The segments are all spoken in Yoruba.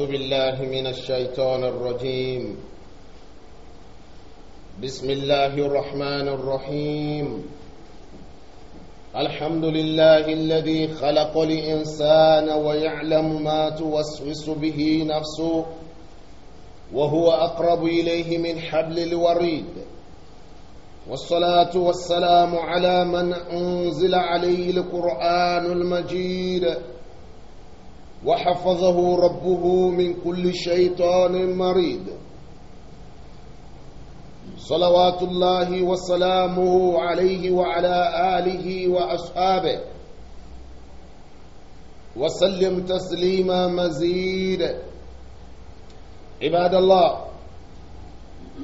أعوذ بالله من الشيطان الرجيم بسم الله الرحمن الرحيم الحمد لله الذي خلق الإنسان ويعلم ما توسوس به نفسه وهو أقرب إليه من حبل الوريد والصلاة والسلام على من أنزل عليه القرآن المجيد وحفظه ربه من كل شيطان مريض صلوات الله وسلامه عليه وعلى آله وأصحابه وسلم تسليما مزيدا عباد الله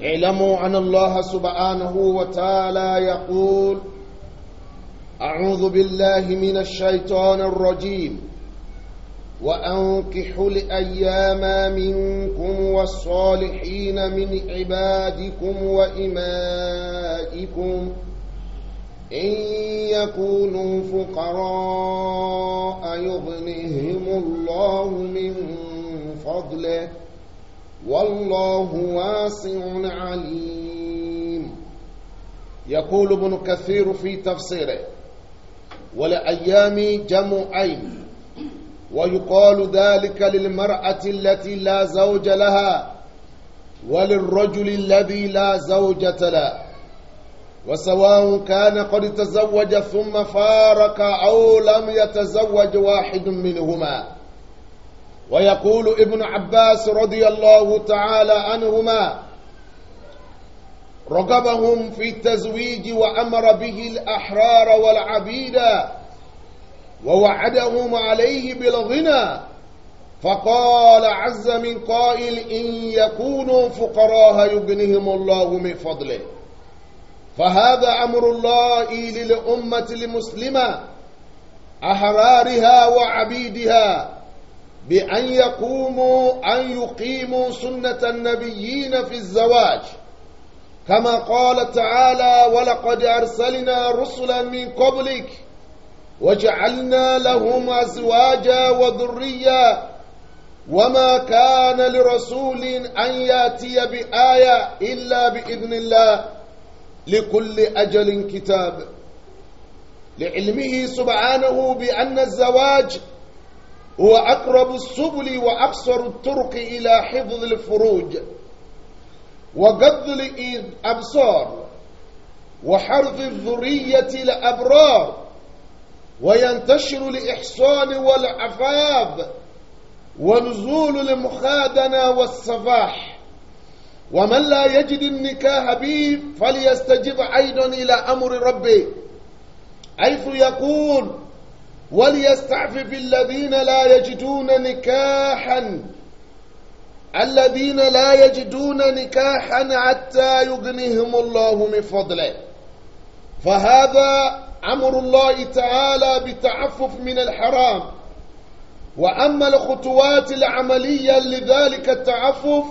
اعلموا أن الله سبحانه وتعالى يقول أعوذ بالله من الشيطان الرجيم وأنكحوا لأيام منكم والصالحين من عبادكم وإمائكم إن يكونوا فقراء يغنهم الله من فضله والله واسع عليم يقول ابن كثير في تفسيره ولأيام جمعين ويقال ذلك للمرأة التي لا زوج لها وللرجل الذي لا زوجة له وسواء كان قد تزوج ثم فارق أو لم يتزوج واحد منهما ويقول ابن عباس رضي الله تعالى عنهما رقبهم في التزويج وأمر به الأحرار والعبيد ووعدهم عليه بالغنى فقال عز من قائل إن يكونوا فقراء يغنهم الله من فضله فهذا أمر الله للأمة المسلمة أحرارها وعبيدها بأن يقوموا أن يقيموا سنة النبيين في الزواج كما قال تعالى ولقد أرسلنا رسلا من قبلك وجعلنا لهم أزواجا وذريا وما كان لرسول أن يأتي بآية إلا بإذن الله لكل أجل كتاب لعلمه سبحانه بأن الزواج هو أقرب السبل وأقصر الطرق إلى حفظ الفروج وقض الأبصار وحرث الذرية لابرار وينتشر الإحصان والعفاف ونزول المخادنة والصفاح ومن لا يجد النكاح به فليستجب أيضا إلى أمر ربه حيث يقول وليستعفف الذين لا يجدون نكاحا الذين لا يجدون نكاحا حتى يغنيهم الله من فضله فهذا امر الله تعالى بتعفف من الحرام واما الخطوات العمليه لذلك التعفف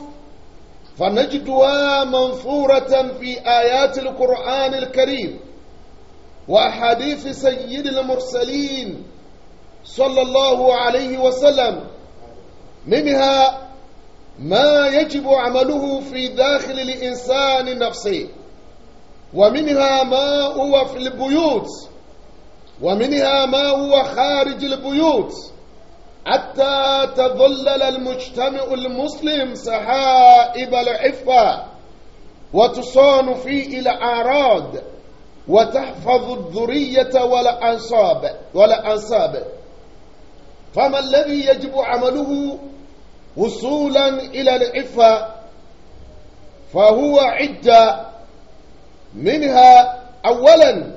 فنجدها منثوره في ايات القران الكريم واحاديث سيد المرسلين صلى الله عليه وسلم منها ما يجب عمله في داخل الانسان نفسه ومنها ما هو في البيوت ومنها ما هو خارج البيوت حتى تظلل المجتمع المسلم سحائب العفة وتصان فيه الأعراض وتحفظ الذرية والأنصاب والأنصاب فما الذي يجب عمله وصولا إلى العفة فهو عدة منها أولا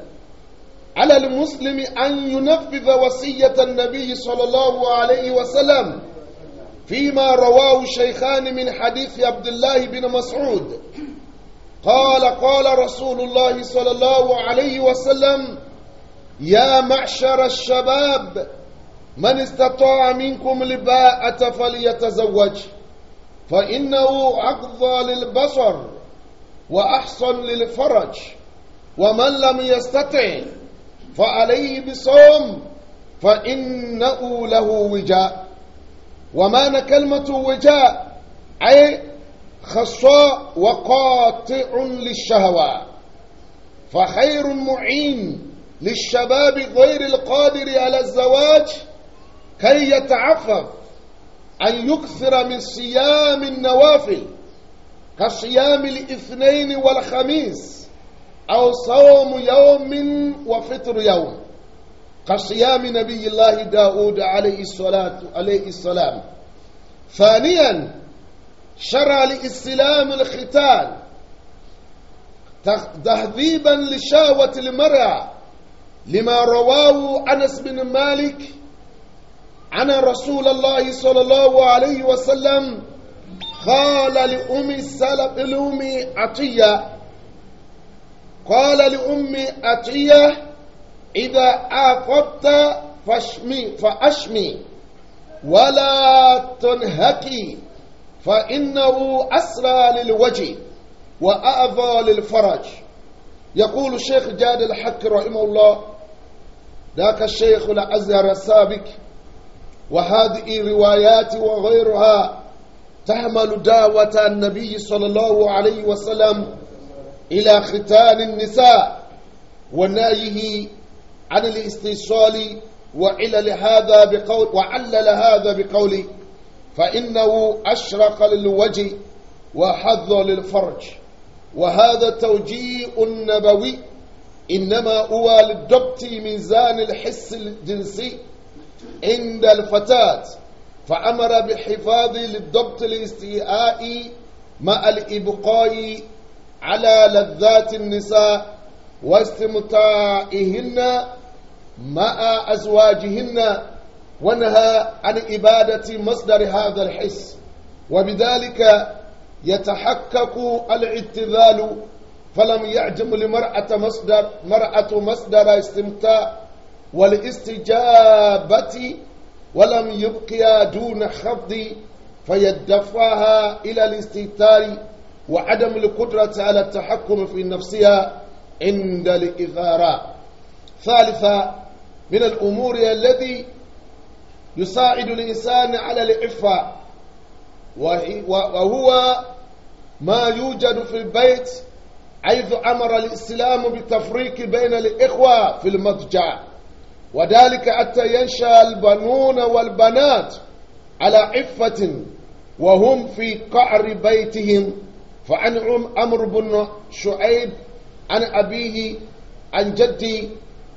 على المسلم أن ينفذ وصية النبي صلى الله عليه وسلم فيما رواه الشيخان من حديث عبد الله بن مسعود قال قال رسول الله صلى الله عليه وسلم يا معشر الشباب من استطاع منكم لباءة فليتزوج فإنه أقضى للبصر وأحصن للفرج ومن لم يستطع فعليه بصوم فإنه له وجاء ومعنى كلمة وجاء أي خصاء وقاطع للشهوات فخير معين للشباب غير القادر على الزواج كي يتعفف أن يكثر من صيام النوافل كصيام الاثنين والخميس أو صوم يوم وفطر يوم كصيام نبي الله داود عليه الصلاة عليه السلام ثانيا شرع لإسلام الختان تهذيبا لشاوة المرأة لما رواه أنس بن مالك عن رسول الله صلى الله عليه وسلم قال لأمي السلف لأمي عطية قال لأمي عطية إذا آفضت فاشمي فأشمي ولا تنهكي فإنه أسرى للوجه وأعظى للفرج يقول الشيخ جاد الحق رحمه الله ذاك الشيخ الأزهر السابق وهذه الروايات وغيرها تعمل دعوة النبي صلى الله عليه وسلم إلى ختان النساء ونايه عن الاستيصال وعلل هذا بقول وعلل هذا بقوله فإنه أشرق للوجه وحظ للفرج وهذا توجيه نبوي إنما هو للضبط ميزان الحس الجنسي عند الفتاة فأمر بالحفاظ للضبط الاستيئاء مع الإبقاء على لذات النساء واستمتاعهن مع أزواجهن ونهى عن إبادة مصدر هذا الحس وبذلك يتحقق الاعتذال فلم يعجم لمرأة مصدر مرأة مصدر استمتاع والاستجابة ولم يبقيا دون خفض فيدفعها إلى الاستهتار وعدم القدرة على التحكم في نفسها عند الإثارة ثالثا من الأمور الذي يساعد الإنسان على العفة وهو ما يوجد في البيت حيث أمر الإسلام بالتفريق بين الإخوة في المضجع وذلك حتى ينشأ البنون والبنات على عفة وهم في قعر بيتهم فعن أمر بن شعيب عن أبيه عن جدي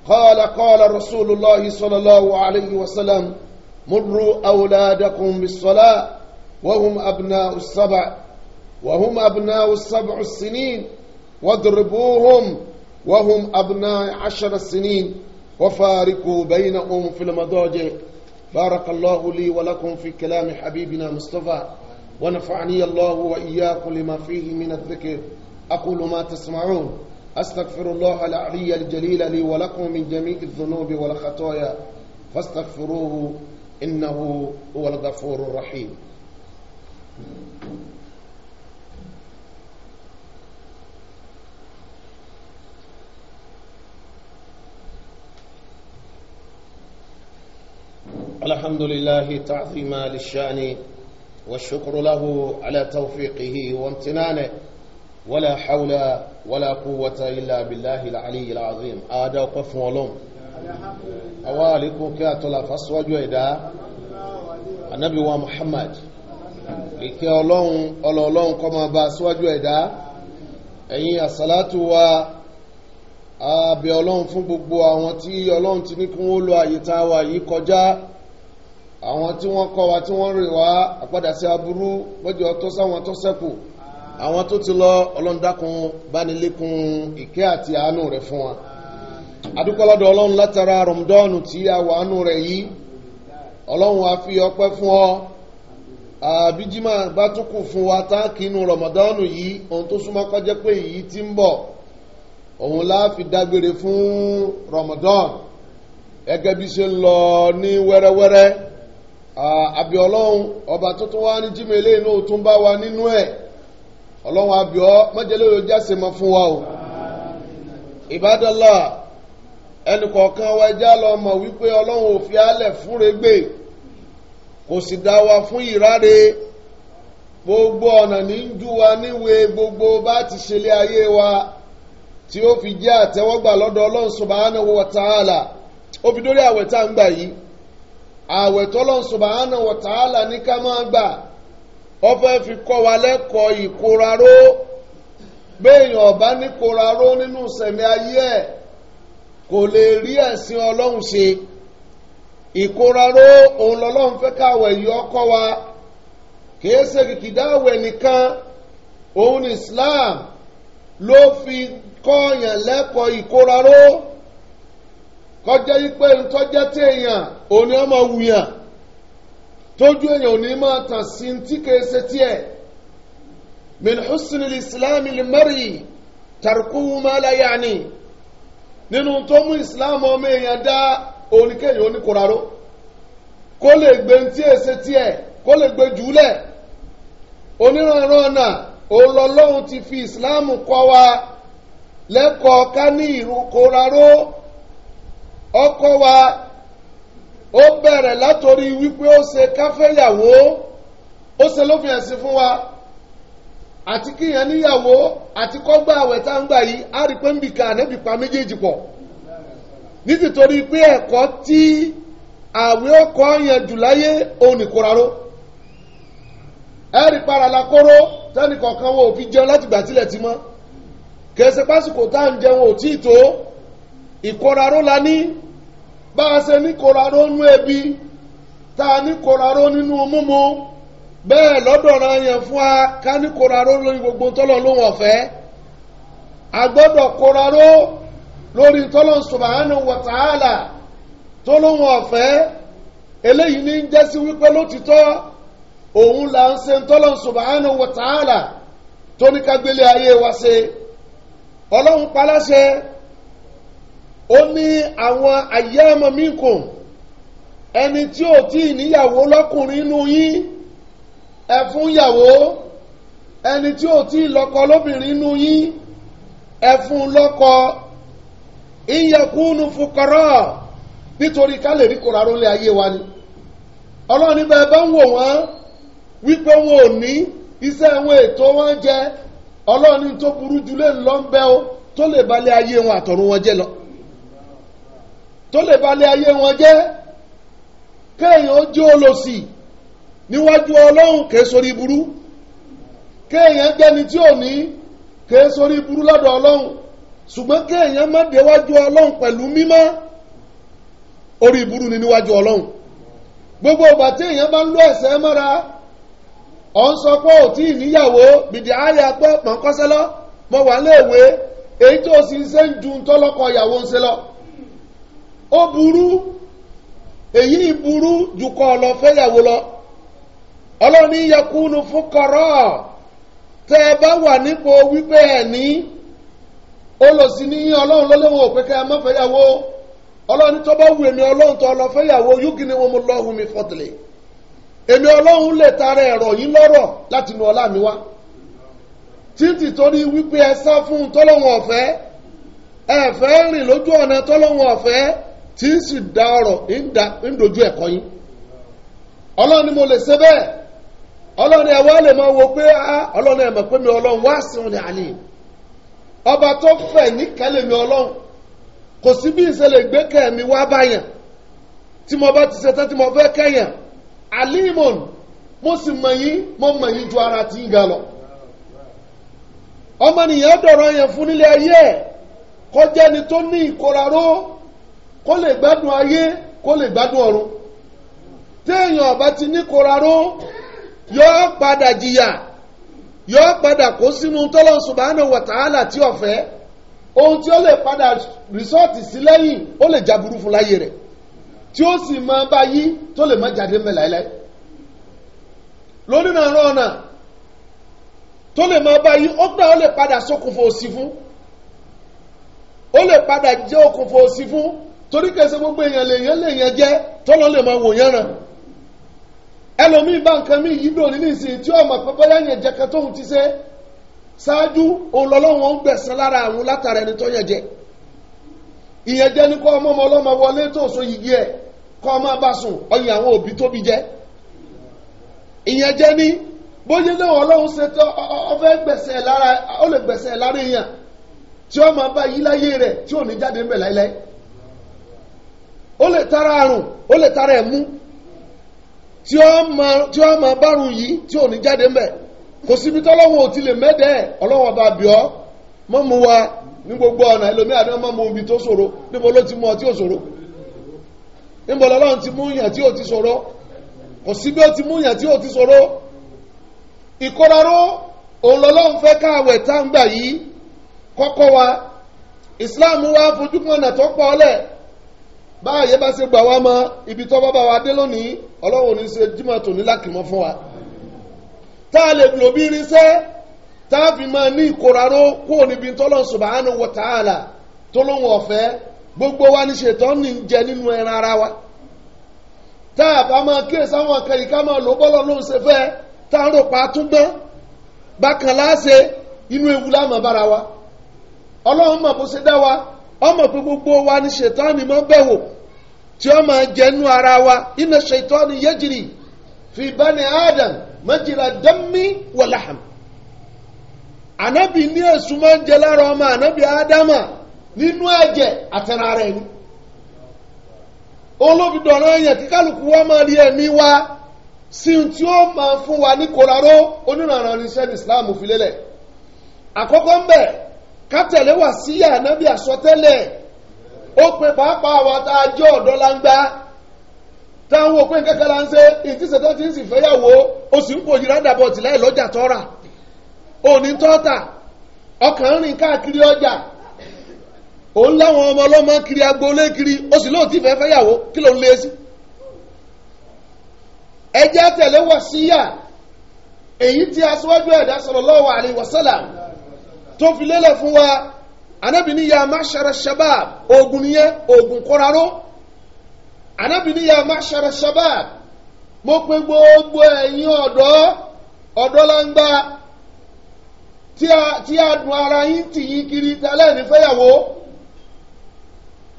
قال قال رسول الله صلى الله عليه وسلم مروا أولادكم بالصلاة وهم أبناء السبع وهم أبناء السبع السنين واضربوهم وهم أبناء عشر السنين وفارقوا بينهم في المضاجع بارك الله لي ولكم في كلام حبيبنا مصطفى ونفعني الله وإياكم لما فيه من الذكر أقول ما تسمعون أستغفر الله العلي الجليل لي ولكم من جميع الذنوب والخطايا فاستغفروه إنه هو الغفور الرحيم الحمد لله تعظيما للشأن والشكر له على توفيقه وامتنانه ولا حول ولا قوة إلا بالله العلي العظيم آدى وقف ولوم أوالك كاتلا فاسواجو إدا النبي ومحمد ìkẹ́ ọlọ́run ọlọ́ọ̀lọ́run kó máa bá síwájú ẹ̀dá ẹ̀yin àsálátù wa a bẹ̀ ọlọ́run fún gbogbo àwọn tí àwọn tí wọ́n kọ́ wa tí wọ́n rè wá àpadà sí aburú mọ́jọ tó sáwọn tó ṣẹ́kù àwọn tó ti lọ ọlọ́ndàkùn bánilékun ìkẹ́ àti àánú rẹ̀ fún wa adúpọ́lọ́dọ̀ ọlọ́run látara rọ̀mùdọ́ọ̀nù tí a wà ánú rẹ̀ yìí ọlọ́run a fi ọpẹ́ fún ọ àbíjímà bá tún kù fún wa tá kínú rọ̀mùdọ́ọ̀nù yìí ohun tó súnmọ́ kọjá pé èyí ti ń bọ̀ òun la fi dágbére fún rọ̀mùdọ́ọ̀nù gẹ́gẹ́ bí ṣe ń lọ ní wẹ́rẹ́wẹ́rẹ́ àbí ọlọ́run ọba tuntun wa ní jímọ̀ eléyìí náà tún bá wa nínú ẹ̀ ọlọ́run àbíọ́ mọ́jẹ́lẹ́ yóò jáse mọ́ fún wa o ìbádọ́lá ẹnìkọ̀ọ̀kan wa ẹjá lọ mọ̀ wípé ọlọ́run ò fi álẹ̀ fún regbè kò sì dá wa fún ìráre gbogbo ọ̀nà ní ń jú wa níwèé gbogbo bá ti ṣẹlé ayé wa tí ó fi jẹ́ àtẹ́wọ́gbà lọ́dọ̀ ọlọ́run subhanahu wa ta'ala ó fi dórí àwẹ̀ tá à ń gbà yìí ààwẹ̀ tọ́lọ́n subahana wa ta'ala ní ká máa gbà ó fẹ́ fi kọ́ wa lẹ́kọ̀ọ́ ìkóraró béèyàn ọ̀bá ní kóraró nínú sẹ̀mí ayé ẹ̀ kò lè rí ẹ̀sìn ọlọ́run ṣe ìkóraró òun lọ́lọ́run fẹ́ káwẹ̀ yọ kọ́ wa kìí ṣe kìkìdá àwẹ̀ nìkan òun Islam ló fi kọ́ yàn lẹ́kọ̀ọ́ ìkóraró. kọjá yí pé ntọ́já tí èèyàn òní ọmọ wùyàn tójú èèyàn òní máa tàn sí tí kìí ṣe tiẹ̀ min islam limari tarkuhu ma la nínú tó mú islam ọmọ èèyàn dá oníkéèyàn oníkòraró kó lè gbé tí èè ṣe gbe kó lè gbé jùlẹ̀ onírànràn ọ̀nà òlọ́lọ́hún ti fi islam kọ́ wa lẹ́kọ̀ọ́ ká ní ìrù ọkọ wa ó bẹ̀rẹ̀ látòrí wípé ó ṣe káfẹ́yàwó ó ṣe lófin ẹ̀sìn fún wa àti kíyàn níyàwó àti kọ́gbà àwẹ̀ tá ń gbà yìí á rí pé ń bìkà ànẹ́bì pa méjèèjì pọ̀ nítìtorí pé ẹ̀kọ́ tí àwẹ̀ ọkọ̀ yẹn jù láyé òun nìkóraró ẹ̀rì para la kóró tẹ́nìkọ̀ọ̀kan wo òfin jẹun láti gbà tilẹ̀ ti mọ́ kèsì pásìkò tá à ń jẹun ò tí ì tó ìkóraró la bá a ṣe ní kóraró nínú ẹbí tá a ní kóraró nínú múmu bẹ́ẹ̀ lọ́dọ̀ ra yẹn fún wa ká ní kóraró lórí gbogbo tọ́lọ̀ lóhùn ọ̀fẹ́ a gbọ́dọ̀ lórí tọ́lọ̀ subhanahu wa ta'ala eléyìí ní wípé lótìtọ́ òun là ń ṣe tọ́lọ̀ tó ní ayé wa ṣe ọlọ́run paláṣẹ. ó ní àwọn àyẹ́mọ̀ minkum ẹni tí ò tí ì níyàwó lọ́kùnrin inú yín ẹ fún yàwó ẹni tí ò tí ì lọ́kọ lóbìnrin inú yín ẹ fún lọ́kọ ìyẹ̀kúnnù fukọ́rọ́ nítorí ká lè rí kòraró lé ayé wa ni ọlọ́run ní bẹ́ẹ̀ bá ń wò wọ́n wípé wọn ò ní iṣẹ́ wọn ètò wọn jẹ ọlọ́run tó burú jù lé ńlọ o tó lè balẹ̀ ayé wọn àtọ̀run wọn jẹ́ lọ tó lè balẹ̀ ayé wọn jẹ́ kéèyàn ó jẹ́ olòṣì níwájú ọlọ́run kèé sórí burú kéèyàn jẹ́ni tí ò ní kèé sórí burú lọ́dọ̀ ọlọ́run ṣùgbọ́n kéèyàn má déwájú ọlọ́run pẹ̀lú mímọ́ orí burú ni níwájú ọlọ́run gbogbo ọgbà tí èèyàn bá ń lo ẹ̀sẹ̀ mọ́ra ọ̀ ń sọ pé ò tí ì níyàwó bìdì àyà pé pọ̀nkọ́sẹ́ lọ mo wà léèwé èyí tó sì ń ṣe ń ju tọ́lọ́kọ ń ṣe lọ. ó burú èyí burú jù kọ́ lọ fẹ́yàwó lọ ọlọ́ni yakunu fún tẹ́ ẹ bá wà nípò wípé ẹ̀ ní sí ní ọlọ́run lọ́lọ́wọ́ pé ká ẹ tó bá wù èmi ọlọ́run tó lọ fẹ́yàwó wọn mo mi fọ́tìlẹ̀ èmi ọlọ́run lè tara ẹ̀rọ ẹ sá fún ọ̀fẹ́ tí ń sì da ọ̀rọ̀ ń dojú ẹ̀kọ́ yín ọlọ́run ni mo lè ṣe bẹ́ẹ̀ ọlọ́run wá lè wo pé ọlọ́run ẹ mọ̀ pé mi ọlọ́run wá sí òun ní àlè ọba tó fẹ̀ mi ọlọ́run kò sí bí ìṣẹ̀lẹ̀ gbẹ́kẹ̀ mi wá báyàn tí mo bá ti ṣe tán tí mo fẹ́ kẹ́yàn alimon mo sì mọ̀ yín mo mọ̀ yín ju ara ti ń ga lọ ọmọnìyàn dọ̀rọ̀ yẹn fún nílé ayé ẹ̀ kọjá ni tó ní ìkóraró kó lè gbádùn ayé kó lè gbádùn ọ̀run téèyàn ọba ti ní kóra ró padà jìyà yóò padà kó sínú tọ́lọ́ subhanahu wa ta'ala tí ọ̀fẹ́ ohun tí ó lè padà rìsọ́ọ̀tì sí lẹ́yìn ó lè jaburú fún láyé rẹ̀ tí ó sì máa bá yí tó lè má jáde mẹ́ láéláé lónìí náà rán ọ̀nà tó lè máa bá yí ó gbà ó lè padà fún ó lè padà jẹ́ torí se gbogbo èèyàn lèèyàn lèèyàn jẹ́ ma lè máa wòyàn ràn ẹlòmíì bá nǹkan míì yìí dòní nísìnyí tí ọmọ pẹpẹ yẹn jẹ kan ti ṣe ṣáájú òǹlọ́lọ́wọ́ ń gbẹ̀sán lára àwọn látara ẹni tó yẹn jẹ ìyẹn ní ọmọ ọmọ wọlé tó so yìí ẹ̀ kọ́ ọmọ bá sùn ọyìn àwọn òbí tóbi ìyẹn ní bóyá náà ọlọ́run ṣe ó lára èèyàn tí ọmọ bá yí láyé tí ò ní jáde ó lè tara àrùn ó lè tara ẹ̀mú tí ó máa tí ó yi bárùn yìí tí ò ní jáde mbẹ̀ kò síbi tọ́lọ́wọ́ ò ti lè mẹ́dẹ̀ ọlọ́wọ́n bá bíọ́ mọ́ mu wa ní gbogbo ọ̀nà mu omi tó ṣòro níbo ló ti ọ tí níbo lọ́lọ́run ti mú yàn tí ò ti ṣòro kò síbi ó ti mú yàn tí ò ti ṣòro ìkóraró òun fẹ́ táǹgbà yìí kọ́kọ́ wa ìsìláàmù wa ọ̀nà tó pọ̀ báyé bá ṣe gbà wá mọ ibi tó bá bá wa dé lónìí ọlọ́run ní ṣe jímọ̀ tó ní lákìmọ́ fún wa tá a lè bí irinṣẹ́ tá a fi máa ní ìkóraró níbi tó ọ̀fẹ́ gbogbo wa ní ṣètọ́ ní jẹ nínú ẹran ara wa tá a bá máa kíyè sáwọn ká máa lò bọ́lọ̀ ṣe fẹ́ ewu bára wa ọlọ́run mọ̀ bó ṣe dá ọmọ pé gbogbo wa ni ṣètọ́ni mọ́ bẹ̀ wò tí ó máa jẹnu ara wa iná ṣètọ́ni yẹ́jìrì fi bani adam mẹ́jìlá dẹ́mí wọ̀láhàm. ànábì ní èṣù máa ń jẹ lára ọmọ ànábì ádámà nínú ẹ̀jẹ̀ àtẹ̀rẹ̀ ara ẹni. olóbi dọ̀rọ̀ yẹn kí kálukú wa máa rí ẹ̀mí wa sí tí ó máa fún wa ní kòráró onírànràn ní sẹ́ni islam fi lélẹ̀. àkọ́kọ́ ń bẹ̀ kátẹ̀lé wà síyà ànábì àsọtẹ́lẹ̀ ó pe pàápàá wa tá a jẹ́ ọ̀dọ́ langba táwọn òpin kẹ́kẹ́ la ń ṣe ti ń sì fẹ́yàwó o sì ń pòjì rádàbọ̀ tìlẹ́ lọ́jà tọ́ra òní tọ́ta ọkàn rìn káàkiri ọjà ọmọ ọlọ́mọ kiri agboolé kiri ó sì fẹ́ fẹ́yàwó kí ló ń lé e sí ẹjẹ́ tẹ̀lé wà síyà èyí tí ẹ̀dá tó fi lélẹ̀ fún wa anabi ni ya mashara shabab ogun nìyẹn ogun kóraró anabi ni ya mashara shabab mo pe gbogbo ẹ̀yin ọ̀dọ́ ọ̀dọ́ langba tí a dùn ara yín tì yín kiri tẹ́lẹ̀ nífẹ̀yàwó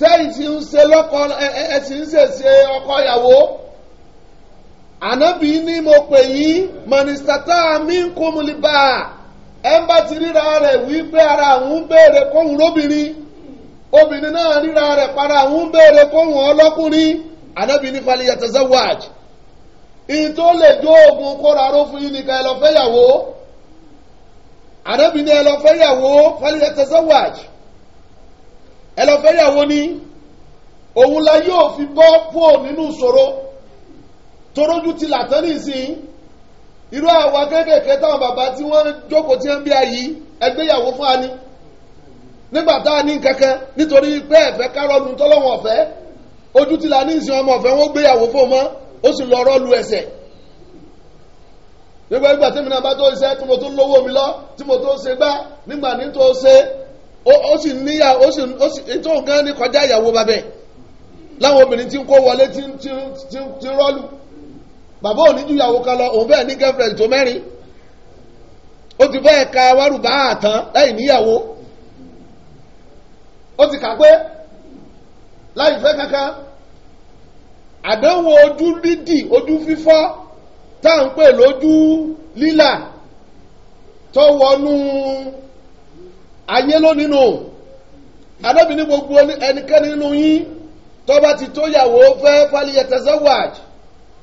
tẹ́yìn tí ń ṣe lọ́kọ ẹ sì ń ṣèṣe ọkọ ìyàwó anabi mo pè yín mọ̀nìsítátà mi ń kó mu lè bá a. ẹ ń bá ti ríra rẹ̀ wípé ara àwọn ń béèrè kóhùn lóbìnrin obìnrin náà ríra rẹ̀ para àwọn ń béèrè kóhùn ọlọ́kùnrin ànábì ní falẹ̀ yàtọ̀ zawaj ìyìn tó lè jó oògùn kóra ró fún yín nìkan ẹ lọ ànábì ní ẹ lọ ni òun la yóò fi bọ́ pò nínú ìṣòro torójú ti làtọ́ iru àwa kéékèèké táwọn bàbá tí wọ́n jókòó tí ń bí ayé ẹgbéyàwó fún ani nígbà tá a ní kankan nítorí pé ẹ̀fẹ́ kárọ́ọ̀nù tọ́lọ́wọ̀n ọ̀fẹ́ ojú ti la ní ìsìn ọmọ ọ̀fẹ́ wọn gbéyàwó fún ọmọ ó sì lọ rọ́ọ̀lù ẹsẹ̀ nígbà nígbà tí mi náà bá tó iṣẹ́ tí mo tó lówó mi lọ tí mo tó ṣe gbá nígbà ní tó ṣe ó sì níyà ó sì bàbá òní ju ìyàwó kan lọ òun bẹ́ẹ̀ ní girlfriend tó mẹ́rin ó ti bẹ́ẹ̀ ka wárùbá àtàn lẹ́yìn níyàwó ó ti kà pé láì fẹ́ kankan àdánwò ojú dídì ojú fífọ́ tá à ń pè lójú lílà tó wọnú ayé lónìí nù arábìnrin gbogbo ẹnikẹ́ni nínú yín tó ti tó yàwó fẹ́ fáliyẹ̀tẹ̀sẹ́wàjì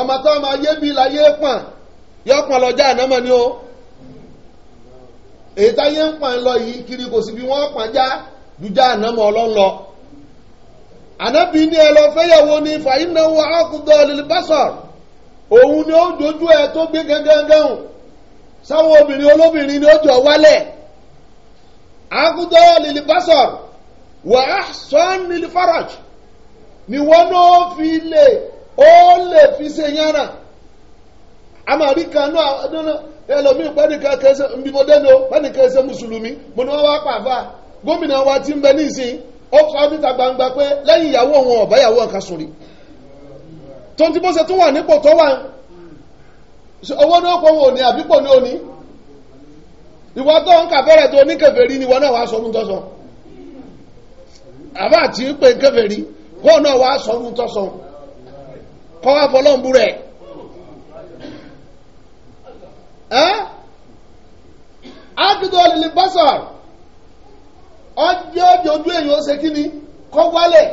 ọmọ tó ọmọ ayé bí láyé pọ̀n yọ pọ̀n ni o èyí ń lọ yìí kiri kò sí bí wọ́n pọ̀n já dújà ànámọ́ ọlọ́run ànábì ní ẹ lọ ní ni fàyínnáwó àkùdọ̀ òun ni ó dojú ẹ tó gbé gángan sáwọn obìnrin olóbìnrin ni ó jọ ó lè fi se yánra amàrí kan náà ọdún ẹlòmíì pẹ́ẹ́nìkan kẹsẹ̀ nbímọdẹ́nu pẹ́ẹ́nìkan ṣe mùsùlùmí mo ní wọ́n wá pàfà gómìnà wa ti ń bẹ nísìnyí ó kọ́ níta gbangba pé lẹ́yìn ìyàwó òun ọ̀bá ìyàwó nǹkan sùn tó ń tí bó ṣe tún wà nípò tó wà owó ní àbípò ní òní ìwọ tó ń kà fẹ́rẹ̀ tó ni ìwọ náà sọ kọ́ wá fọ́ lọ́nbù rẹ̀ ẹ́ ágùdọ̀ lílì bọ́sọ̀ ọjọ́ ojú èyí ó ṣe kí ni kọ́ wálẹ̀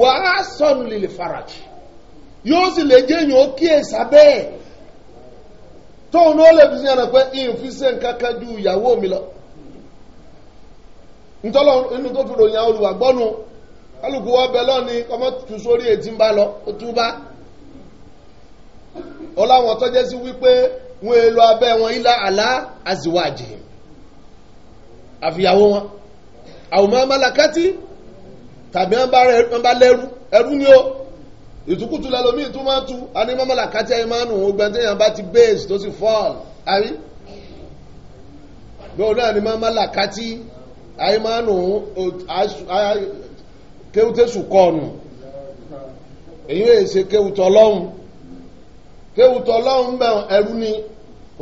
wàá sọnù lílì farajì yóò sì lè jẹ́ èyí ó bẹ́ẹ̀ tóun náà lè fi sí ẹ̀rọ pé ìfisẹ́ nǹkan ju ìyàwó mi lọ ntọ́lọ́ inú tó fi ròyìn àwọn lọ ó ó láwọn tó jẹ́ sí wípé wọ́n èlò abẹ́ wọn ilá àlá àzìwájì àfìyàwó wọn àwòmọ́ malakati tàbí wọ́n bá lẹ́rú ẹrú ni ó ìtukùtù lẹ́lọ́mí tó máa tu àní malakati bá ti base tó sì fall àrí bẹ́ẹ̀ náà ni malakati ẹ̀mánu kéwútẹ́sù kọ́ọ̀nù èyí ò ṣe kéwútọ́ lọ́hùn séwùtọ̀ ọlọ́run bẹ̀rùn ẹrú ni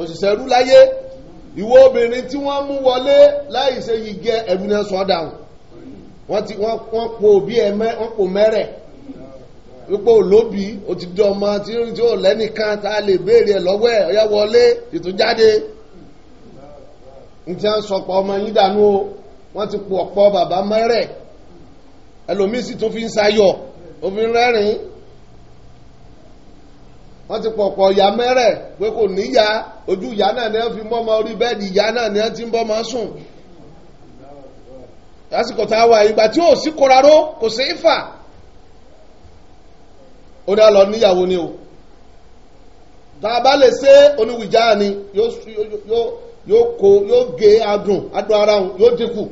òṣìṣẹ́ ẹrú láyé ìwọ obìnrin tí wọ́n mú wọlé láì ṣe yìgẹ ẹrú náà sọ dáhùn wọ́n ti wọ́n wọ́n po òbí ẹ mẹ́ wọ́n po mẹ́rẹ̀ wípé olóbi ó ti di ọmọ tí ó ti ó lẹ́nìkan tá a lè béèrè ẹ̀ lọ́wọ́ ẹ̀ ọ̀yá wọlé ìtújáde ntí wọ́n sọ̀pọ̀ ọmọ yín dànù o wọ́n ti po ọ̀pọ̀ bàbá mẹ́rẹ̀ ẹlòmíì sì fi ń sayọ̀ òfin rẹ́rìn-ín wọ́n ti pọ̀pọ̀ ìyá mẹ́rẹ̀ pé kò níyà ojú ìyá náà ni wọ́n fi mọ́mọ́ orí bẹ́ẹ̀dì ìyá náà ni wọ́n ti sùn lásìkò tá a wà ìgbà tí sí kò sí ifá ó dá lọ níyàwó ni o tá a bá lè ṣe oníwìjà ni yóò kó yóò gé adùn adùn ara òun yóò dínkù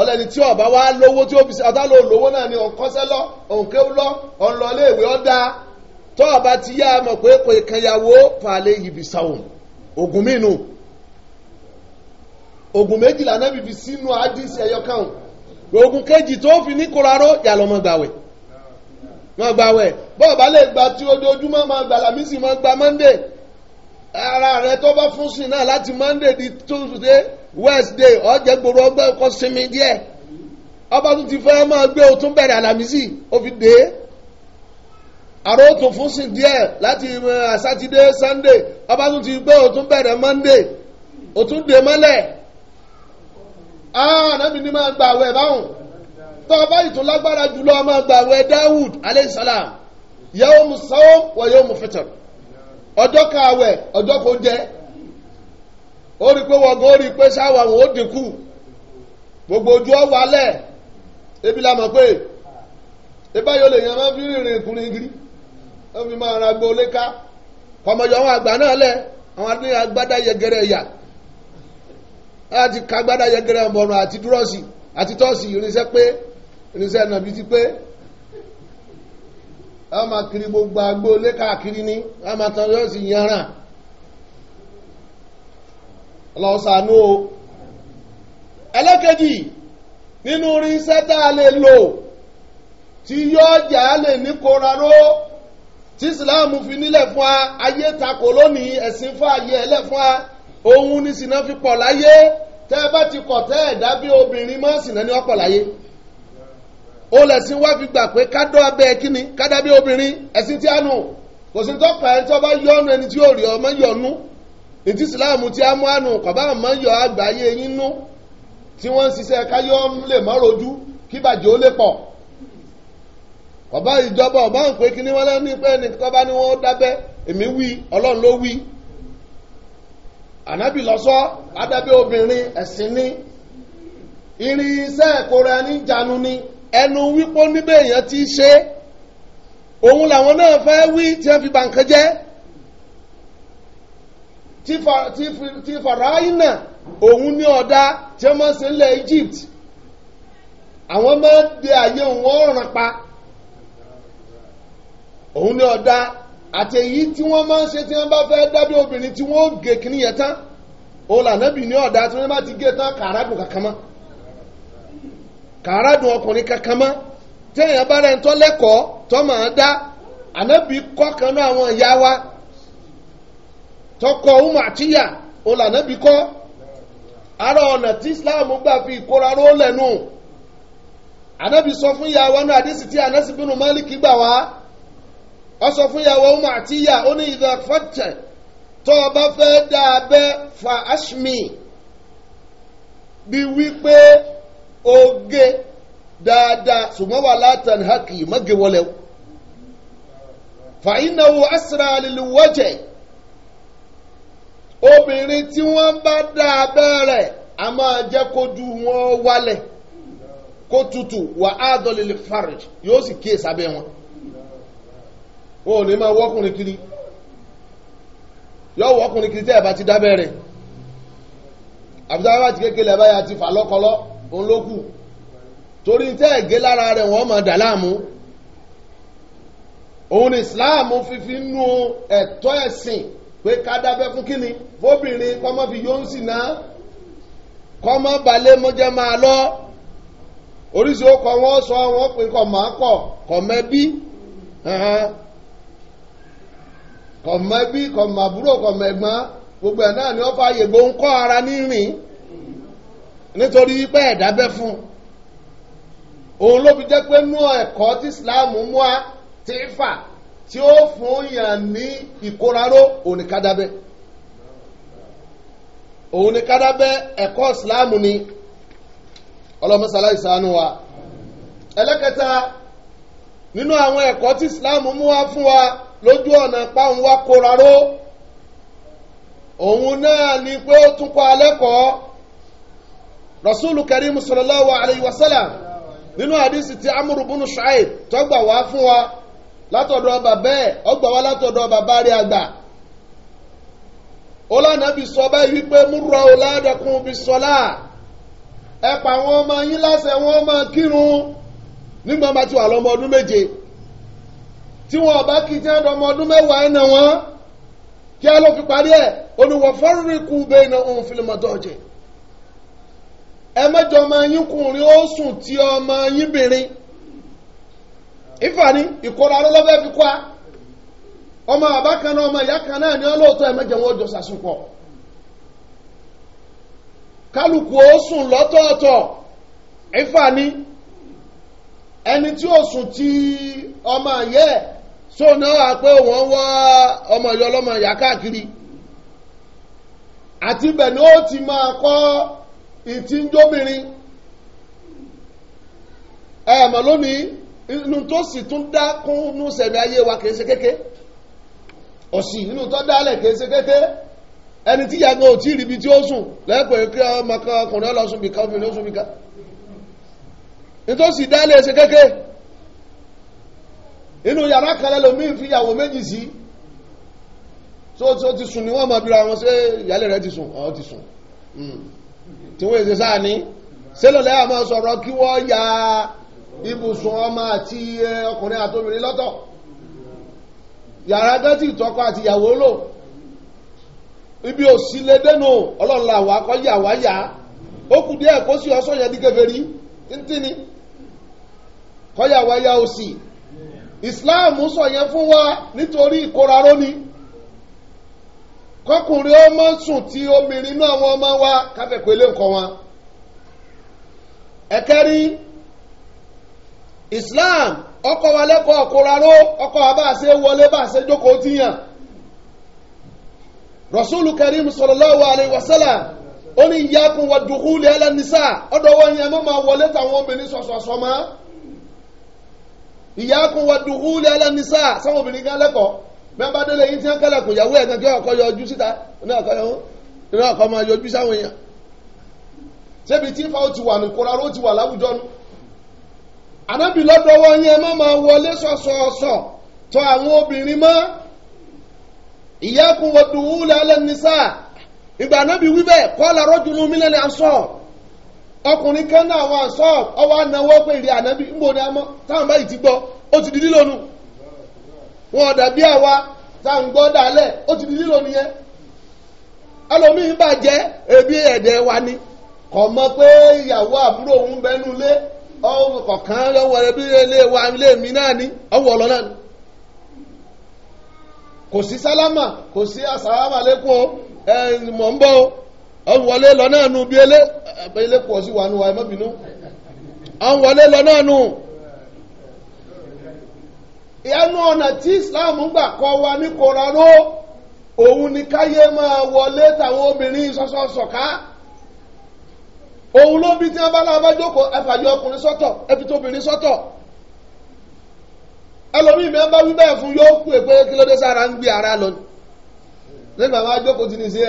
ọlẹ́ni tí ọba wa lówó tí ó fi ṣe ọ̀tá lò lówó náà ni lọ tọ́ ọba ti yá a mọ̀ pé kò ìkànyàwó fàlẹ́ ibi sáwọn ogun mínú ogun méjìlá náà bìbí sínú àdìsí ẹ̀yọ káwọn ogun kejì tó fi ní kóraró yà lọ́mọ gbàwẹ̀ máa gbàwẹ̀ bọ́ọ̀ bá lè gba tí ojoojúmọ́ máa gbà lámísì gba monday ara rẹ tó bá fún sí náà láti monday di tuesday wednesday ọ̀jẹ̀ gbòòrò ọgbẹ́ ọkọ̀ sinmi díẹ̀ ọba tún ti fẹ́ máa gbé o bẹ̀rẹ̀ àlàmísì ó fi dé àrótò fún sìn díẹ̀ láti eh, sátidé sunday ọba tún ti gbé òtún bẹ̀rẹ̀ monday òtún mọ́lẹ̀ ah nàbì ni máa gbà wẹ̀ báwọn tó ọba ìtún jùlọ máa gbà wẹ̀ dawud aleyhisalaam yawm sawm wa yawm fitr kò ó rí pé ó rí pé gbogbo ojú ebi la pé ó fi máa ra gbó léka kọmọjọ àwọn àgbà náà lẹ àwọn agbada yẹgẹrẹ láti ka yẹgẹrẹ àti dúrọ́ọ̀sì àti tọ́ọ̀sì irinṣẹ́ pé irinṣẹ́ nàbí ti pé máa kiri gbogbo agbó lé káàkiri ní a máa tan yóò sì yanran lọ́sànú o ẹlẹ́kẹ̀jì nínú irinṣẹ́ tá a lè lò tí yóò jà lè tí ìsìláàmù fi nílẹ̀ fún wa ayé takò lónìí ẹ̀sìn fún ayé ẹlẹ́ fún wa òun ni sìnà fi pọ̀ láyé tẹ́ ẹ bá ti kọ̀ tẹ́ ẹ̀dá bí obìnrin mọ́ sìnà ní ọ̀pọ̀ láyé ó lẹ̀sìn wá fi gbà pé kádọ́ abẹ́ kíni kádá bí obìnrin ẹ̀sìn tí a nù kò sí tọ́ka ẹni tí wọ́n bá yọ ọ́nù ẹni tí yóò rí ọmọ yọ̀ọ́nù ètí ìsìláàmù tí a mú àánú kọ̀bá àmọ́ yọ àgbáyé yín nú tí wọ́n ń ṣiṣẹ́ káyọ́ lè mọ́ rojú kíbàjẹ́ ó lè pọ̀ ọba ìjọba ọba ń pé kíní wọn lẹ́nu pé nìkan bá ní wọn dábẹ́ èmi wí ọlọ́run ló wí ànábì lọ́sọ́ adábẹ́ obìnrin ẹ̀sìn ní irinṣẹ́ ìkóra ẹni jánu ni ẹnu wípó níbẹ̀ èèyàn ti ṣe òun làwọn náà fẹ́ wí tí wọ́n fi bà nǹkan jẹ́ tí òun ní ọ̀dá tí wọ́n máa ń ṣe nílẹ̀ Egypt àwọn máa ń de àyè òun ọ̀ràn pa òun ní ọ̀dà àti èyí tí wọ́n máa ń ṣe tí wọ́n bá fẹ́ dábí obìnrin tí wọ́n gé kíní yẹn tán òun lànàbì ní ọ̀dà tí wọ́n bá ti gé tán kàràdùn kankan mọ́ kàràdùn ọkùnrin kankan mọ́ téèyàn bá rẹ̀ ń tọ́ lẹ́kọ̀ọ́ tọ́ máa dá ànábì kọ́ kan náà àwọn ìyá wa tọkọ ọmọ àtìyà òun lànàbì kọ́ ara ọ̀nà tí Islam gbà fi ìkóra ró lẹ́nu ànábì sọ fún ìyá wa náà àdéhùn tí ànásìbínú Málíkì gbà wá ọ sọ fún ìyàwó ọmọ àti ìyá ó ní ìdá fọ́tẹ̀ tó o bá fẹ́ dá abẹ́ fa ashmi bí wípé oge dáadáa ṣùgbọ́n wà látàn hákì mọ́gẹ wọlé fa innahu asra lil wajh obìnrin tí wọ́n bá dá abẹ́ rẹ̀ a máa jẹ́ kójú wọn wálẹ̀ kó tutù wà á dọ̀lẹ̀ farage yóò sì kíyèsí abẹ́ wọn wọn ò ní máa wọ́kùnrin kiri yọ wọ́kùnrin kiri tẹ́ ẹ̀ bá ti dábẹ́ rẹ̀ àbúdáwà bá ti kékeré ẹ̀ báyà ti fà lọ́kọlọ́ òun ló kù torí tẹ́ ẹ̀ gé lára rẹ̀ wọ́n máa dà láàmú òun ni Islam fífi nú ẹ̀tọ́ ẹ̀sìn pé ká dábẹ́ fún kíni fóbìnrin kọ́mọ́ fi yóò sì ná kọ́mọ́ balẹ̀ mọ́jẹ́ máa lọ oríṣi ó kọ wọ́n sọ wọ́n pé kọ́ máa kọ̀ kọ́ mẹ́bí kọ̀mọ́ ẹbí kọ̀mọ́ àbúrò kọ̀mọ́ ẹ̀gbọ́n gbogbo ẹ̀ náà ni wọ́n fààyè gbóhùn kọ́ ara nírìn nítorí pé ẹ̀dá bẹ́ fún òun ló fi jẹ́ pé nú ẹ̀kọ́ tí Islam mú a ti fà tí ó fún yàn ní ìkóraró òun ni ẹ̀kọ́ Islam ni ọlọ́mọsálá ìsànú wa ẹlẹ́kẹta nínú àwọn ẹ̀kọ́ tí Islam mú wa fún wa. lójú ọ̀nà páwọn wá kóra ró òun náà ni pé ó tún kọ́ alẹ́kọ̀ọ́ rasulu karim sallallahu wa sallam nínú àdísì tí amúrú búnú ṣáì tọ́gbà wá fún wa látọ̀dọ̀ bàbá ẹ̀ ọgbà wá látọ̀dọ̀ bàbá rí àgbà olánàbì sọ báyìí wípé múra oládàkùn bí sọlá ẹ pa àwọn ọmọ yín wọn máa kírun nígbà ti wà lọ́mọ ọdún tí wọn ọba kì í ti ọmọ ọdún mẹ́wàá ẹ̀ nà wọn kí a ló fi parí ẹ̀ olùwọ̀ fọ́rùrìkù bẹ́ẹ̀ na òun ọmọ yín kùnrin ó sùn ọmọ yín bìnrin ìfàní ìkóra fi kọ́ a ọmọ bàbá kan ọmọ ìyá kan náà ni wọ́n lóòótọ́ ẹ wọn jọ kálukú ó sùn ìfàní ẹni tí ó ọmọ so náà wà pé wọ́n wá ọmọ ìyá ọlọ́mọ ìyá káàkiri àti ibẹ̀ ni ó ti máa kọ́ ìtìjọ́bìnrin ẹ̀ẹ̀mọ̀ lónìí inú tó sì tún dá kún nú sẹ̀mí ayé wa kìí ṣe kéke ọ̀sìn inú tó dálẹ̀ kìí ṣe kéke ẹni tí yàgbọ́ ò tí ì ríbi tí ó sùn lẹ́pẹ̀ẹ́ kí ọmọ kan ọkùnrin ọlọ́sùn bìkan obìnrin ó sùn bìkan nítòsí inú yàrá kan lẹ́lòmíì fi ìyàwó méjì sí so so ti sùn ni wọ́n mọ̀ bíra wọn ṣé ìyálé rẹ̀ ti sùn ọ̀ ti sùn hmm. tí wọ́n èsè sáà ní sẹ́lọ̀lẹ́ àmọ́ sọ̀rọ̀ kí wọ́n ya ibùsùn ọmọ àti ọkùnrin àtòmìnrin lọ́tọ̀ yàrá dẹ́tì ìtọ́kọ àti ìyàwó lò ibi òsì lè dẹ́nu ọlọ́run làwọn akọ́yà wáyà ó kù díẹ̀ kó sì ọsọ yẹn di kèfèrí ntí ni kọ́yà wáyà òsì islam sọ yẹn fún wa nítorí ìkóraró ni kọkùnrin ọmọ sùn tí obìnrin náà wọn máa wá káfẹ́kọ̀ọ́ ilé nǹkan wọn. ẹ̀kẹ́rin islam ọkọ̀ wa lẹ́kọ̀ọ́ ìkóraró ọkọ̀ wa bá a ṣe wọlé bá ṣe jókòó tìyàn. rasulu karim sallallahu alayhi wa sallam ó ní ìyá kun wà dùkú lẹ́lẹ́ nìṣà ọ̀dọ̀ wọn yẹn mọ́ máa wọlé táwọn obìnrin sọ̀sọ̀sọ̀ máa ìyáàkùn wa dùhúlẹ̀ alánisa sáwọn obìnrin kan lẹ́kọ̀ọ́ mẹ́mbà délé yín tí wọ́n kálẹ̀ kò yàwó ẹ̀kan kí ọkọ yọjú síta ní ọkọ máa yọjú sáwọn èèyàn ṣébi tí fáwọn ti wà ní kóraró ti wà láwùjọ nù ànábì lọ́dọ̀ ọwọ́ yẹn má máa wọlé sọ̀sọ̀ọ̀sọ̀ tọ̀ àwọn obìnrin mọ́ ìyáàkùn wa dùhúlẹ̀ alánisa ìgbà ànábì wíbẹ̀ kọ́lá rọ́jùlú ọkùnrin kan náà wà sọ́ọ̀bù ọwọ́ anáwó pé ìrìn ànábì ń bò ní amọ́ táwọn báyìí ti ó ti di wọn ọ̀dà bí àwa táwọn gbọ́ dálẹ̀ ó ti di lílo nìyẹn ẹlòmíín bàjẹ́ ebi ẹ̀dẹ̀ wa ni kò mọ̀ pé ìyàwó àbúrò òun lọ́wọ́ ẹbí ilé wa ilé mi náà ni ọwọ́ ọ̀lọ́ ọ̀n wọlé lọ náà nù bí elé ẹ̀bẹ̀ ilé pọ̀ sí wa ẹ̀mọ́bìnú lọ náà nù. ìyanu ọ̀nà tí Islam gbà kọ́ wa ní koraro òun ni káyé máa wọlé táwọn obìnrin sọ́sọ́sọ̀ ká òun ló bí tí wọ́n bá láwọn bá jókòó ọkùnrin sọ́tọ̀ sọ́tọ̀ ẹlòmíì ara lọ nígbà máa jókòó ti ní sí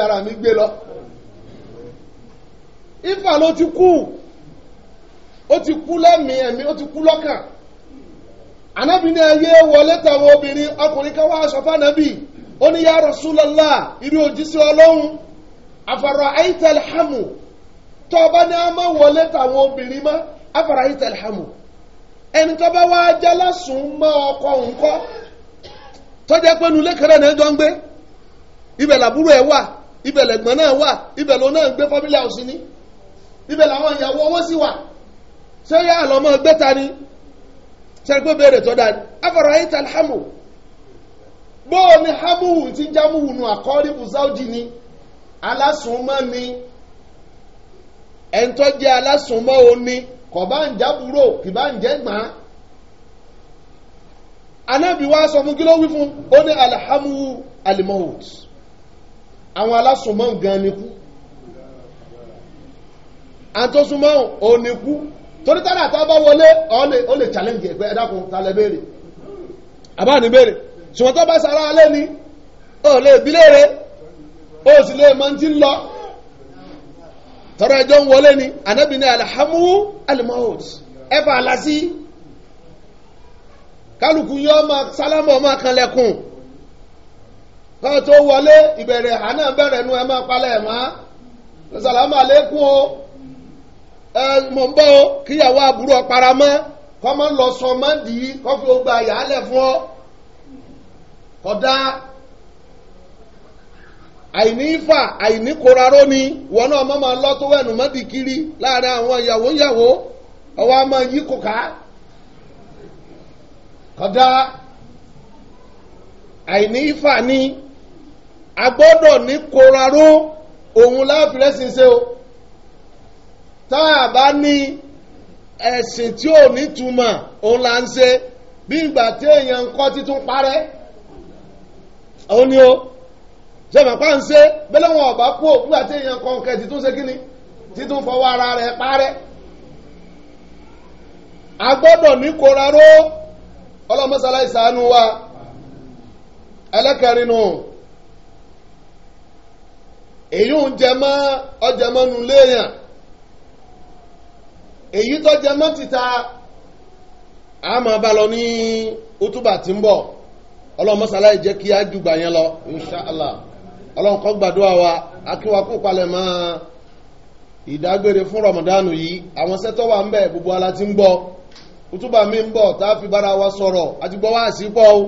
fitna ló ti kú ó ti kú lẹ́mìí ẹ̀mí ó ti kú lọ́kàn anábì ní ẹyẹ wọlé tàwọn obìnrin ọkùnrin kan wá aṣọ fánàbì ó ní ya Rasulullah irú òjíṣẹ́ ọlọ́run àfàrọ̀ àìtẹ̀lẹ̀ hàmù tó ní a máa wọlé tàwọn obìnrin mọ́ àfàrọ̀ ẹni tó bá wá ajá lásùn mọ́ ọkọ ńkọ́ tó pé nulẹ̀ kẹrẹ́ náà jọ ń gbé ibẹ̀ làbúrò ẹ̀ wà ibẹ̀ lẹ̀gbọ́n náà wà ibẹ̀ lọ náà gbé ibẹ̀ làwọn ìyàwó wọn sì wà ṣé yà lọ́mọ gbẹ́ta ni ṣẹ́gbẹ́ béèrè tó dáa afọ̀rọ̀ ayé ta hamu bóò ni hamuhu ti jámuhu nu àkọ́rí bùsáùdì ni alásùnmọ́ ni ẹ̀ńtọ́jẹ́ alásùnmọ́ òní kò bá ń jábúrò kì bá ń jẹ́ gbà á anábì wa sọ fún kí ló wí fún ó ní alhamuhu alimohut àwọn alásùnmọ́ gan ni kú. àtọ́súnmọ́ òníkú torí tánà tá bá wọlé ó lè challenge ẹ̀pẹ́ ẹ̀dàkùn tàlẹ̀ béèrè àbá ní béèrè ṣùgbọ́n tó bá sára alẹ́ ni ó lè bílẹ̀ rẹ̀ ó sì lè mọ́ tí ń lọ tọrọ ẹjọ́ ń wọlé ni ní alhamu alimahot ẹfà alasi kálukú yọ ọmọ sálámù ọmọ kanlẹ̀kùn kọ́ tó wọlé ìbẹ̀rẹ̀ àná bẹ̀rẹ̀ nu máa palẹ̀ ẹ mọ̀ ń bọ́ ọ kíyàwó àbúrò ọ̀pára mọ́ kọ́ mọ́ lọ sọ mọ́ dì í kọ́ fi gba àyàálẹ̀ fún ọ kọ́dá àìní ifá àìní koraró ni wọn náà mọ́ máa lọ́ tó wẹ̀nu mọ́ kiri láàrin àwọn ìyàwó ìyàwó ọwọ́ a máa yí kòkà kọ́dá àìní ifá ni agbọ́dọ̀ ní koraró òun láàfin lẹ́sìn ṣe o. tá a bá ní ẹ̀sìn tí ò nítumọ̀ òun là ń ṣe bí ìgbà tí èèyàn ń kọ́ títún parẹ́ òun ni o sẹ́mi pa ń ṣe bẹ́lẹ̀ ọ̀bá kú òkúgbà tí èèyàn kan kẹ̀ títún ṣe kíni títún fọwọ́ ara rẹ̀ parẹ́ agbọ́dọ̀ ní èyí tó jẹ mọ́ títa a máa bá lọ ní útúbà tí ń bọ̀ ọlọ́run mọ́sálá ìjẹ́ kí á jùgbà yẹn lọ inṣàlá ọlọ́run gbàdúrà wa akíwakú palẹ̀ mọ́ ìdágbére fún rọmọdánù yìí àwọn sẹ́tọ́ wà ń bẹ gbogbo ala ti ń gbọ́ útúbà mi ń bọ̀ tá a fi bára wa sọ̀rọ̀ àti gbọ́ wá sí pọ̀ o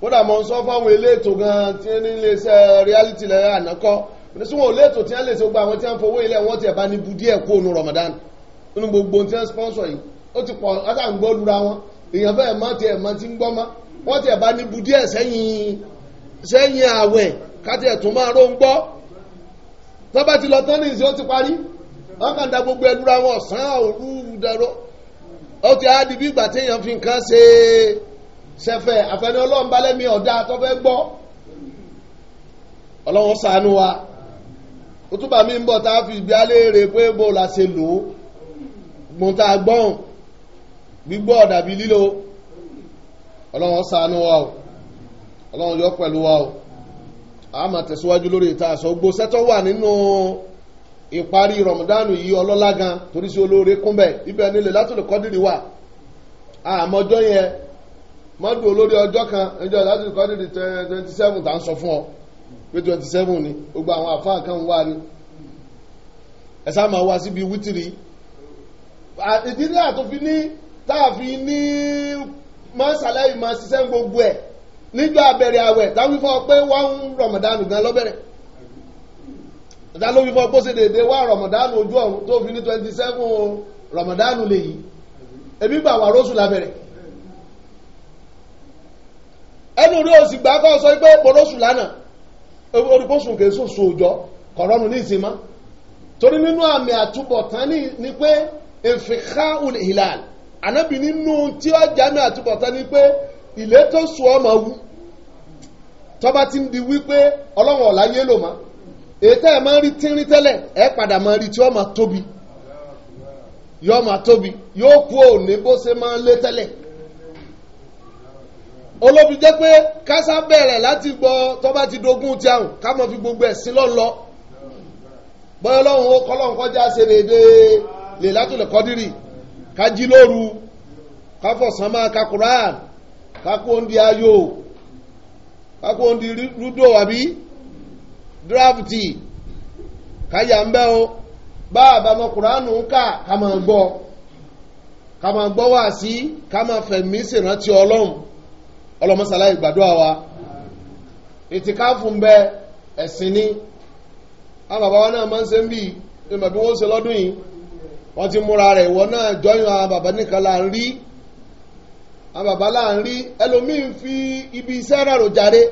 kódà mo ń sọ fáwọn eléètò gan-an tí ní iléeṣẹ́ reality lẹ́yìn ànákọ́ nísún wọn ò lẹ́tò tí wọ́n lè ṣe gba àwọn tí wọ́n ti ẹ̀bá ní ẹ̀kú ònú Ramadan nínú gbogbo tí wọ́n sponsor yìí ó ti pọ̀ ọ́sà ń gbọ́ lura wọn èèyàn fẹ́ ti ti ń gbọ́ wọ́n ti ẹ̀bá ní budí ẹ̀ sẹ́yìn sẹ́yìn káti ẹ̀tún máa ró ní ìsìn ó gbogbo wọn ọ̀sán òru ó ti bí ìgbà tí fi nǹkan ṣe kútùbà mi ń bọ̀ tá a fi gbé aléèrè pé bó la ṣe lò ó mo tá a gbọ́n gbígbọ́ dàbí lílo ọlọ́run ṣàánú wa o ọlọ́run yọ pẹ̀lú wa o a máa tẹ̀síwájú lórí ìta àṣọ gbogbo sẹ́tọ́ wà nínú ìparí rọ̀mùdánù yìí ọlọ́lá gan torí sí olóore kúnbẹ̀ ibẹ̀ nílẹ̀ látòlè kọ́dìrì wà àmọ́jọ́ yẹn mọ́dù olórí ọjọ́ kan ẹjọ́ látòlè kọ́dìrì twenty seven tá à ń sọ fún ọ pé twenty seven ni gbogbo àwọn àfáà kan wà ní ẹ sá máa wá síbi wítìrì ìdílé àtòfin ní táàfin ní mọ́sálẹ́yìn máa ṣiṣẹ́ gbogbo ẹ̀ nígbà abẹ́rẹ́ àwẹ̀ táwọn fọ́ pé wọ́n ń rọ̀mọ̀dánù gan lọ́bẹ̀rẹ̀ ìdá ló fi fọ́ pé ó ṣe dédé wá rọ̀mọ̀dánù ojú ọ̀run tó fi ní twenty seven rọ̀mọ̀dánù lè yí ebi gbà wà róṣù lábẹ́rẹ̀ ẹnu rí òsì gbà kọ́ sọ pé mo róṣù lánàá orúkọ́sùn kìí sùn sùn òjọ́ kọ̀rọ̀nù ní ìsinmá torí nínú àmì àtúbọ̀tán ni pé ìfìkà ulhilal anábì nínú tí ó jámì àtúbọ̀tán ni pé ilé tó sùn ọmọ wú tọ́ba ti ń di wípé ọlọ́wọ̀n ọ̀la yé lò má èyí tẹ́ ẹ máa ń rí tínrín tẹ́lẹ̀ ẹ padà máa rí tí ó máa tóbi yóò máa tóbi yóò kú òní bó ṣe máa ń lé tẹ́lẹ̀ olóbi jẹ pé kásá bẹ̀rẹ̀ láti gbọ́ tó bá ti dogun ti àrùn ká fi gbogbo ẹ̀sìn lọ́n lọ bọ́yọ́ lọ́hùn ó kọ́lọ́hùn kọjá ṣe dédé lè látòlẹ̀ kọ́dírì ká jí lóru ká fọ̀sán máa ka quran ká kó di ayò ká kó di rúdò àbí dráfìtì ká ń bẹ́ o bá àbámọ̀ quran ń kà ká máa gbọ́ ká máa gbọ́ wá sí ká máa fẹ̀mí ṣèrántí ọlọ́run ọlọ́mọsàlá ìgbàdúrà wa ìtìkáfù ń bẹ ẹ̀sìn ní àwọn bàbá wa náà máa ń ṣe ń bì ní màbí wọ́n ṣe lọ́dún yìí wọ́n ti múra rẹ̀ ìwọ náà jọyún àwọn bàbá nìkan là ń rí àwọn là ń rí ẹlòmíín fi ibi iṣẹ́ rárò jáde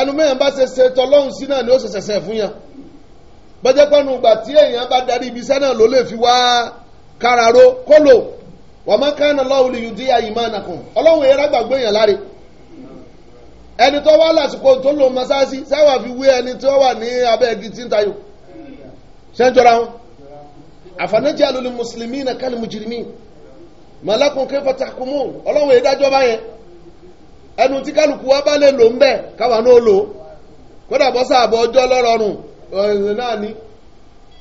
ẹlòmíín bá ṣe ṣe tọlọ́hún sí náà ni ó ṣe ṣẹ̀ṣẹ̀ fún yàn bọ́jẹ́ pẹ́nu ìgbà tí èèyàn bá darí ibi iṣẹ́ náà ló lè fi wá káraró kólò wàmọ́kánná lọ́wọ́ lè yùdí àyìmọ́ ànàkùn ẹni tó wá lásìkò tó lò mọ́sáàsì sáwà fi wé ẹni tó wà ní abẹ́ igi ń tayò wọn na kálí mùjìrìmí ọlọ́run báyẹn ẹnu tí kálukú wa bá lè lò ń bẹ̀ káwa náà lò kódà bọ́ sáàbọ̀ ọjọ́ lọ́rọ̀ọ̀rùn ọ̀rìn náà ni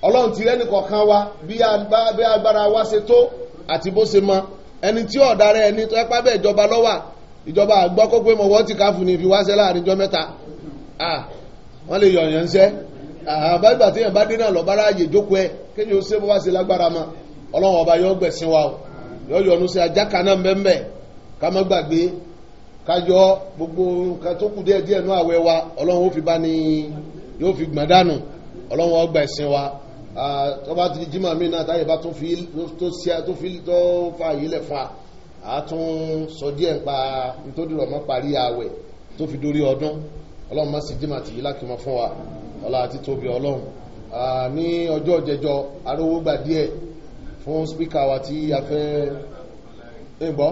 ọlọ́run ti rẹ́ni kọ̀ọ̀kan wa bí agbára wa ṣe tó àti bó ṣe mọ ìjọba àgbọ́ kó pé mọ̀ wọ́n ti káfù ní fi wáṣẹ́ láàrin jọ mẹ́ta wọ́n lè yọ̀yàn ń sẹ́ àbájúbà tí yàn bá dínà lọ bára àyè jókòó ẹ kéyìn ó sé bó wá sí lágbára ma ọlọ́run ọba yóò gbẹ̀sìn wa o yóò yọnu sí ajá kan náà mbẹ́mbẹ́ ká má gbàgbé kájọ gbogbo nǹkan tó kù díẹ̀ díẹ̀ nú àwẹ̀ wa ọlọ́run ó fi bá ní yóò fi gbọ̀n dànù ọlọ́run ọgbà ẹ̀sìn wa tọ́ba ti jimá náà táyé bá tó fi tó fa àyè lẹ̀ àtún sọ díẹ̀ ń pa nítorí ọmọ parí ààwẹ̀ tó fi dórí ọdún ọlọ́run má sì dìmà tìyí lákìmọ̀ fún wa ọlá àti tóbi ọlọ́run ní ọjọ́ jẹjọ arówó gbà díẹ̀ fún spíkà wa tí a fẹ́ ń bọ́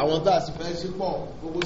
àwọn tá a sì fẹ́ sí pọ̀